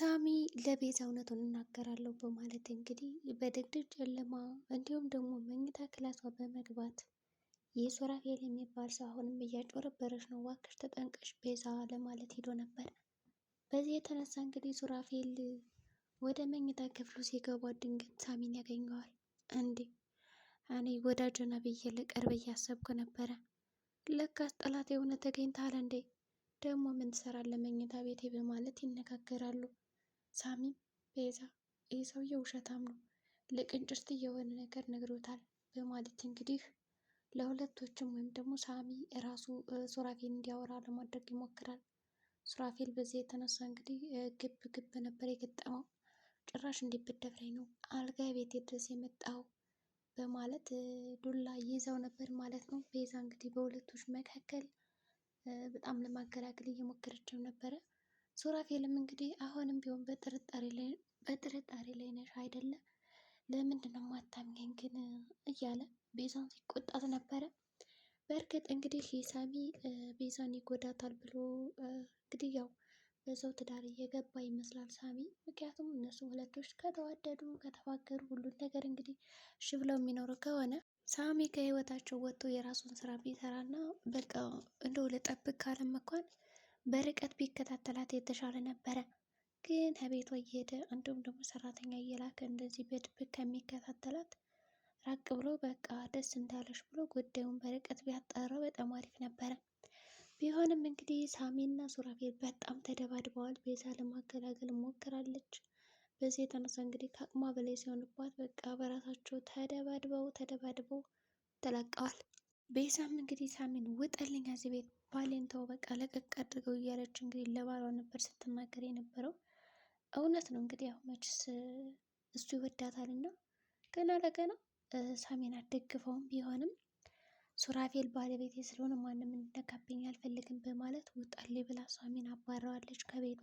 ሳሚ ለቤዛ እውነቱን እናገራለሁ በማለት እንግዲህ በድቅድቅ ጨለማ እንዲሁም ደግሞ መኝታ ክላሷ በመግባት ይህ ሱራፌል የሚባል ሰው አሁንም እያጭበረበረች ነው፣ እባክሽ ተጠንቀሽ ቤዛ ለማለት ሄዶ ነበር። በዚህ የተነሳ እንግዲህ ሱራፌል ወደ መኝታ ክፍሉ ሲገባ ድንገት ሳሚን ያገኘዋል። እንዴ እኔ ወዳጅና ብዬ ልቀርብ እያሰብኩ ነበረ። ለካስ ጠላት የሆነ ተገኝታል እንዴ ደግሞ ምን ትሰራለህ መኝታ ቤቴ በማለት ይነጋገራሉ። ሳሚም ቤዛ ይህ ሰውዬ ውሸታም ነው፣ ለቅንጭርት የሆነ ነገር ነግሮታል በማለት እንግዲህ ለሁለቶችም ወይም ደግሞ ሳሚ ራሱ ሱራፌል እንዲያወራ ለማድረግ ይሞክራል። ሱራፌል በዚህ የተነሳ እንግዲህ ግብ ግብ ነበር የገጠመው። ጭራሽ እንዴት ነው አልጋ ቤት ድረስ የመጣው በማለት ዱላ ይዘው ነበር ማለት ነው። ቤዛ እንግዲህ በሁለቶች መካከል በጣም ለማገላገል እየሞከረችው ነበረ። ሱራፌልም እንግዲህ አሁንም ቢሆን በጥርጣሬ ላይ ነሽ አይደለ? ለምንድን ነው የማታምኘኝ ግን እያለ ቤዛን ሲቆጣት ነበረ። በእርግጥ እንግዲህ ሳሚ ቤዛን ይጎዳታል ብሎ እንግዲህ ያው በሰው ትዳር እየገባ ይመስላል ሳሚ። ምክንያቱም እነሱ ሁለቶች ከተዋደዱ ከተፋገሩ ሁሉን ነገር እንግዲህ እሺ ብለው የሚኖሩ ከሆነ ሳሚ ከህይወታቸው ወጥቶ የራሱን ስራ ቢሰራና በቃ እንደው ልጠብቅ ካለም እንኳን በርቀት ቢከታተላት የተሻለ ነበረ። ግን ከቤቷ እየሄደ እንዲሁም ደግሞ ሰራተኛ እየላከ እንደዚህ በድብቅ ከሚከታተላት ራቅ ብሎ በቃ ደስ እንዳለሽ ብሎ ጉዳዩን በርቀት ቢያጣራው በጣም አሪፍ ነበረ። ቢሆንም እንግዲህ ሳሚና ሱራፌል በጣም ተደባድበዋል። ቤዛ ለማገላገል ሞክራለች። በዚህ የተነሳ እንግዲህ ከአቅሟ በላይ ሲሆንባት በቃ በራሳቸው ተደባድበው ተደባድበው ተለቀዋል። ቤዛም እንግዲህ ሳሚን ውጠልኝ እዚህ ቤት ባሌን ተው በቃ ለቀቅ አድርገው እያለች እንግዲህ ለባሏ ነበር ስትናገር የነበረው። እውነት ነው እንግዲህ ያው መችስ እሱ ይወዳታል እና ገና ለገና ሳሜን አደግፈውም ቢሆንም ሱራፌል ባለቤቴ ስለሆነ ማንም እንዲነካብኝ አልፈልግም በማለት ውጣሌ ብላ ሳሜን አባረዋለች ከቤቷ።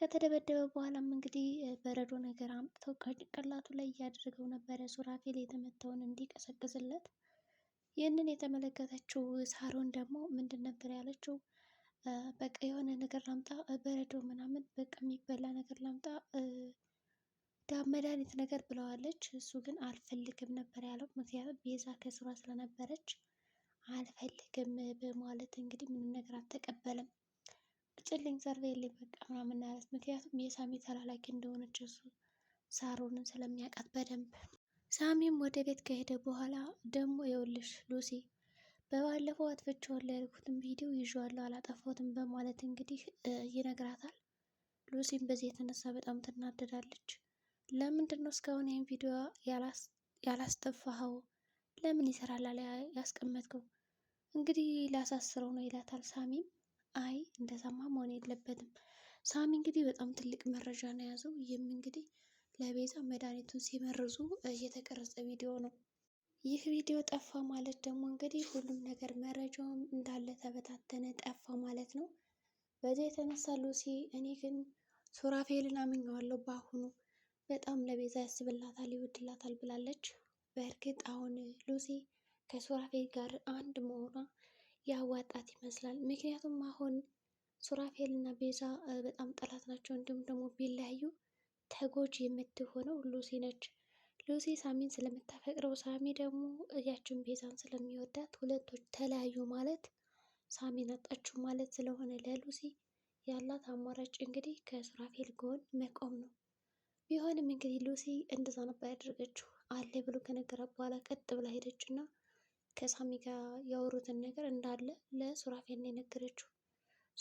ከተደበደበ በኋላም እንግዲህ በረዶ ነገር አምጥተው ከጭንቅላቱ ላይ እያደረገው ነበረ ሱራፌል የተመታውን እንዲቀሰቅስለት። ይህንን የተመለከተችው ሳሮን ደግሞ ምንድን ነበር ያለችው? በቃ የሆነ ነገር ላምጣ፣ በረዶ ምናምን በቃ የሚበላ ነገር ላምጣ መድኃኒት ነገር ብለዋለች። እሱ ግን አልፈልግም ነበር ያለው። ምክንያቱም ቤዛ ከስሯ ስለነበረች አልፈልግም በማለት እንግዲህ ምንም ነገር አልተቀበለም። ጭልኝ የለኝ በቃ ምናምን ያለት ምክንያቱም የሳሚ ተላላኪ እንደሆነች እሱ ሳሮንን ስለሚያውቃት በደንብ ሳሚም ወደ ቤት ከሄደ በኋላ ደግሞ የውልሽ ሉሲ በባለፈው አጥፍቼዋለሁ ያልኩትን ቪዲዮ ይዤዋለሁ አላጠፋሁትም በማለት እንግዲህ ይነግራታል። ሉሲም በዚህ የተነሳ በጣም ትናደዳለች። ለምንድን ነው እስካሁን ይህን ቪዲዮ ያላስጠፋኸው? ለምን ይሰራል አለ ያስቀመጥከው? እንግዲህ ላሳስረው ነው ይላታል። ሳሚም አይ እንደዛማ መሆን የለበትም። ሳሚ እንግዲህ በጣም ትልቅ መረጃ ነው የያዘው። ይህም እንግዲህ ለቤዛ መድኃኒቱን ሲመርዙ እየተቀረጸ ቪዲዮ ነው። ይህ ቪዲዮ ጠፋ ማለት ደግሞ እንግዲህ ሁሉም ነገር መረጃውም እንዳለ ተበታተነ፣ ጠፋ ማለት ነው። በዚህ የተነሳ ሉሲ እኔ ግን ሱራፌልን አምኜዋለሁ። በአሁኑ በጣም ለቤዛ ያስብላታል፣ ይወድላታል ብላለች። በእርግጥ አሁን ሉሲ ከሱራፌል ጋር አንድ መሆኗ ያዋጣት ይመስላል። ምክንያቱም አሁን ሱራፌልና ቤዛ በጣም ጠላት ናቸው። እንዲሁም ደግሞ ቢለያዩ ተጎጂ የምትሆነው ሉሲ ነች። ሉሲ ሳሚን ስለምታፈቅረው ሳሚ ደግሞ እያችን ቤዛን ስለሚወዳት ሁለቶች ተለያዩ ማለት ሳሚን አጣችው ማለት ስለሆነ ለሉሲ ያላት አማራጭ እንግዲህ ከሱራፌል ጎን መቆም ነው። ቢሆንም እንግዲህ ሉሲ እንደዛ ነበር ያደረገችው። አለ ብሎ ከነገራት በኋላ ቀጥ ብላ ሄደች እና ከሳሚ ጋር ያወሩትን ነገር እንዳለ ለሱራፌል ነው የነገረችው።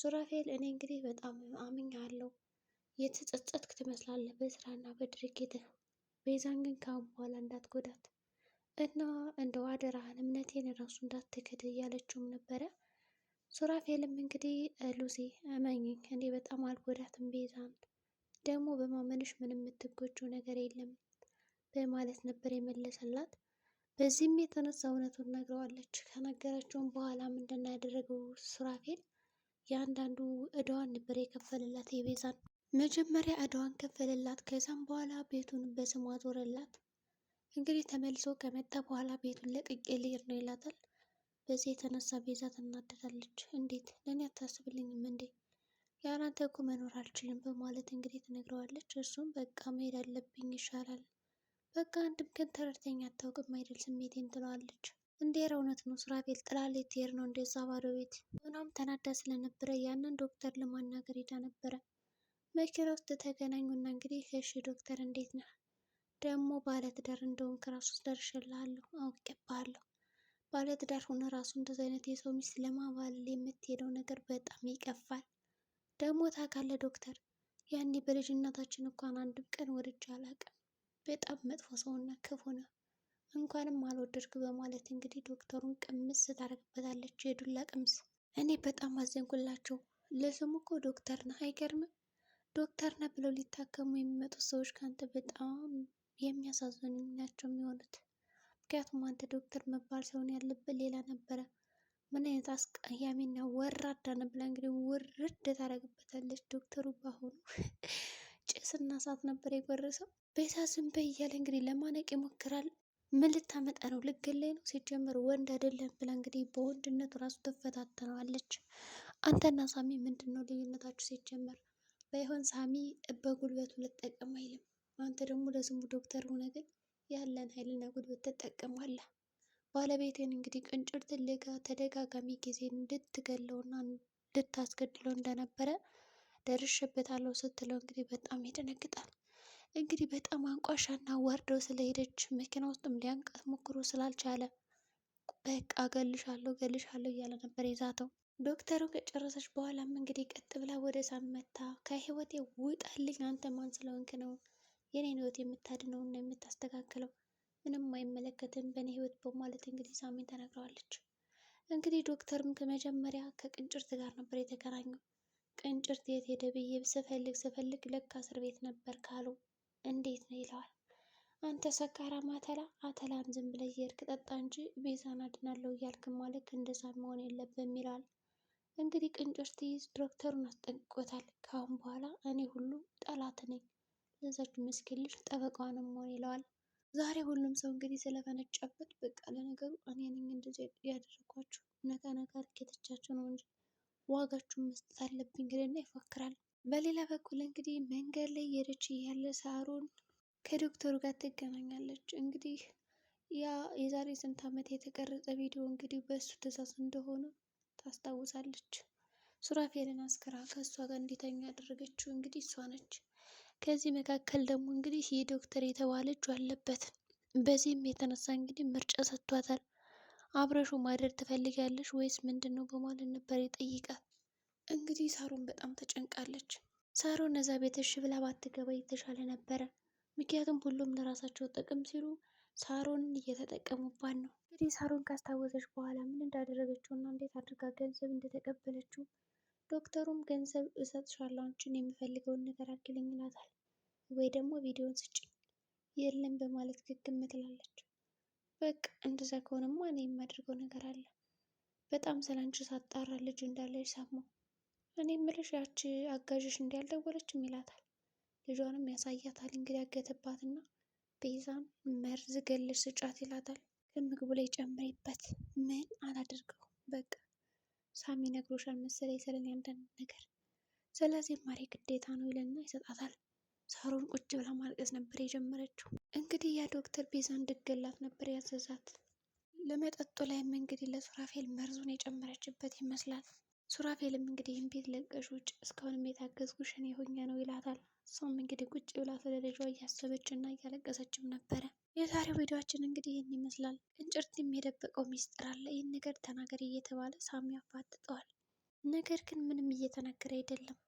ሱራፌል እኔ እንግዲህ በጣም አምኛለሁ የተጸጸትክ ትመስላለህ በስራና በድርጊትህ። ቤዛን ግን ካሁን በኋላ እንዳትጎዳት እና እንደው አደራህን እምነቴን እንዳት እንዳትክድ እያለችውም ነበረ። ሱራፌልም እንግዲህ ሉሲ እመኝኝ፣ እኔ በጣም አልጎዳትም ቤዛን፣ ደግሞ በማመንሽ ምንም የምትጎጂው ነገር የለም በማለት ነበር የመለሰላት። በዚህም የተነሳ እውነቱን ነግረዋለች። ከነገረችውም በኋላ ምንድን ነው ያደረገው ሱራፌል? የአንዳንዱ እዳዋን ነበር የከፈልላት የቤዛን መጀመሪያ እዳዋን ከፈለላት። ከዛም በኋላ ቤቱን በስሟ ዞረላት። እንግዲህ ተመልሶ ከመጣ በኋላ ቤቱን ለቅቄ ልሄድ ነው ይላታል። በዚህ የተነሳ ቤዛ ትናደዳለች። እንዴት ለእኔ አታስብልኝም እንዴ? ያላንተ እኮ መኖር አልችልም በማለት እንግዲህ ትነግረዋለች። እሱም በቃ መሄድ አለብኝ ይሻላል፣ በቃ አንድም ቀን ተረድተኝ አታውቅም አይደል ስሜቴን ትለዋለች። እንዴራ እውነት ነው ሱራፌል ጥላሌት የትሄድ ነው እንደዛ ባዶ ቤት ምናም ተናዳ ስለነበረ ያንን ዶክተር ለማናገር ሄዳ ነበረ። መኪና ውስጥ ተገናኙና እንግዲህ እሺ ዶክተር እንዴት ነህ? ደግሞ ባለትዳር እንደሆን ከራሱ ውስጥ ደርሼልሃለሁ አውቄብሃለሁ። ባለትዳር ሆነ ራሱ እንደዚህ አይነት የሰው ሚስት ለማባል የምትሄደው ነገር በጣም ይቀፋል። ደግሞ ታውቃለህ ዶክተር ያኔ በልጅነታችን እንኳን አንድም ቀን ወድጄ አላውቅም። በጣም መጥፎ ሰውና ክፉ ነው። እንኳንም አልወደድኩ በማለት እንግዲህ ዶክተሩን ቅምስ ታደርግበታለች የዱላ ቅምስ። እኔ በጣም አዘንኩላቸው። ለስሙ እኮ ዶክተር ነህ አይገርምም? ዶክተር ነህ ብለው ሊታከሙ የሚመጡ ሰዎች ከአንተ በጣም የሚያሳዝኑ ናቸው የሚሆኑት። ምክንያቱም አንተ ዶክተር መባል ሳይሆን ያለብን ሌላ ነበረ። ምን አይነት አስቀያሚና ወራዳ ነው ብላ እንግዲህ ውርድ ታደርግበታለች። ዶክተሩ ባሁኑ ጭስና እሳት ነበር የጎረሰው። ቤዛ ዝም በይ እያለ እንግዲህ ለማነቅ ይሞክራል። ምን ልታመጣ ነው? ልገለይ ነው? ሲጀመር ወንድ አይደለም ብላ እንግዲህ በወንድነቱ ራሱ ትፈታተነዋለች። አንተና ሳሚ ምንድን ነው ልዩነታችሁ ሲጀመር? ባይሆን ሳሚ በጉልበቱ ልጠቀም አይልም። አንተ ደግሞ ለስሙ ዶክተር ሆነ ግን ያለን ኃይልና ጉልበት ትጠቀማለህ። ባለቤቴን እንግዲህ ቅንጭር ትልጋ ተደጋጋሚ ጊዜ እንድትገለውና እንድታስገድለው እንደነበረ ደርሼበታለሁ ስትለው እንግዲህ በጣም ይደነግጣል። እንግዲህ በጣም አንቋሻ እና ስለሄደች መኪና ውስጥም ሊያንቃት ሞክሮ ስላልቻለ በቃ ገልሻለሁ ገልሻለሁ እያለ ነበር የዛተው። ዶክተሩን ከጨረሰች በኋላም እንግዲህ ቀጥ ብላ ወደ ሳም መታ ከህይወቴ ውጣልኝ፣ አንተ ማን ስለሆንክ ነው የኔን ህይወት የምታድነውና የምታስተካክለው? ምንም አይመለከትም በእኔ ህይወት በማለት እንግዲህ ሳሜን ተናግረዋለች። እንግዲህ ዶክተርም ከመጀመሪያ ከቅንጭርት ጋር ነበር የተገናኘው ቅንጭርት የት ሄደ ብዬ ስፈልግ ስፈልግ ለካ እስር ቤት ነበር ካሉ እንዴት ነው ይለዋል። አንተ ሰካራም አተላ አተላም ዝም ብለህ እየሄድክ ጠጣ እንጂ ቤዛን አድናለሁ እያልክ ማለት እንደዛ መሆን የለብህም ይለዋል። እንግዲህ ቅንጮች ትይዝ ዶክተሩን አስጠንቅቆታል። ከአሁን በኋላ እኔ ሁሉ ጠላት ነኝ፣ ለዛች ምስኪን ልጅ ጠበቃዋን መሆን ይለዋል። ዛሬ ሁሉም ሰው እንግዲህ ስለፈነጨበት በቃ ለነገሩ እኔ ነኝ እንደዚህ ያደረኳችሁ ነጋ ነጋ ነው እንጂ ዋጋችሁን መስጠት አለብኝ ግልና ይፎክራል። በሌላ በኩል እንግዲህ መንገድ ላይ የደች እያለ ሳሮን ከዶክተሩ ጋር ትገናኛለች። እንግዲህ ያ የዛሬ ስንት ዓመት የተቀረጸ ቪዲዮ እንግዲህ በእሱ ትእዛዝ እንደሆነ ታስታውሳለች። ሱራፌልን አስክራ ከእሷ ጋር እንዲተኛ ያደረገችው እንግዲህ እሷ ነች። ከዚህ መካከል ደግሞ እንግዲህ ይህ ዶክተር የተባለችው አለበት። በዚህም የተነሳ እንግዲህ ምርጫ ሰጥቷታል። አብረሹ ማደር ትፈልጊያለሽ ወይስ ምንድን ነው በማለት ነበር የጠይቃት። እንግዲህ ሳሮን በጣም ተጨንቃለች። ሳሮን እዛ ቤት እሺ ብላ ባትገባ የተሻለ ነበረ። ምክንያቱም ሁሉም ለራሳቸው ጥቅም ሲሉ ሳሮን እየተጠቀሙባት ነው። እንግዲህ ሳሮን ካስታወሰች በኋላ ምን እንዳደረገችው እና እንዴት አድርጋ ገንዘብ እንደተቀበለችው ዶክተሩም ገንዘብ እሰጥሻለሁ አንቺን የሚፈልገውን ነገር አድርጊልኝ ይላታል። ወይ ደግሞ ቪዲዮን ስጭ የለም በማለት ግግም ትላለች። በቃ እንደዛ ከሆነማ እኔ የማደርገው ነገር አለ። በጣም ስለአንቺ ሳጣራ ልጅ እንዳለች ሰማሁ። እኔ ምልሽ ያቺ አጋዥሽ እንዲያልደወለችም ይላታል። ልጇንም ያሳያታል እንግዲህ አገተባትና ቤዛም መርዝ ገለሽ ስጫት ይላታል። ከምግቡ ላይ ጨምሬበት ምን አላደርገው በቃ ሳሚ ነግሮሻል መሰለኝ ስለኔ አንዳንድ ነገር ስለዚህ ማሬ ግዴታ ነው ይለና ይሰጣታል። ሳሮን ቁጭ ብላ ማልቀስ ነበር የጀመረችው። እንግዲህ ያ ዶክተር ቤዛ እንድገላት ነበር ያዘዛት። ለመጠጡ ላይም እንግዲህ ለሱራፌል መርዙን የጨመረችበት ይመስላል። ሱራፌልም እንግዲህ ይህን ቤት ለቀሽ ውጭ እስካሁንም የታገዝኩሽ እኔ ሆኜ ነው ይላታል። እሷም እንግዲህ ቁጭ ብላ ስለ ልጇ እያሰበች እና እያለቀሰችም ነበረ። የዛሬው ቪዲዮአችን እንግዲህ ይህን ይመስላል። እንጭርትም የደበቀው ሚስጥር አለ። ይህን ነገር ተናገሪ እየተባለ ሳሚ ያፋጥጠዋል። ነገር ግን ምንም እየተናገረ አይደለም።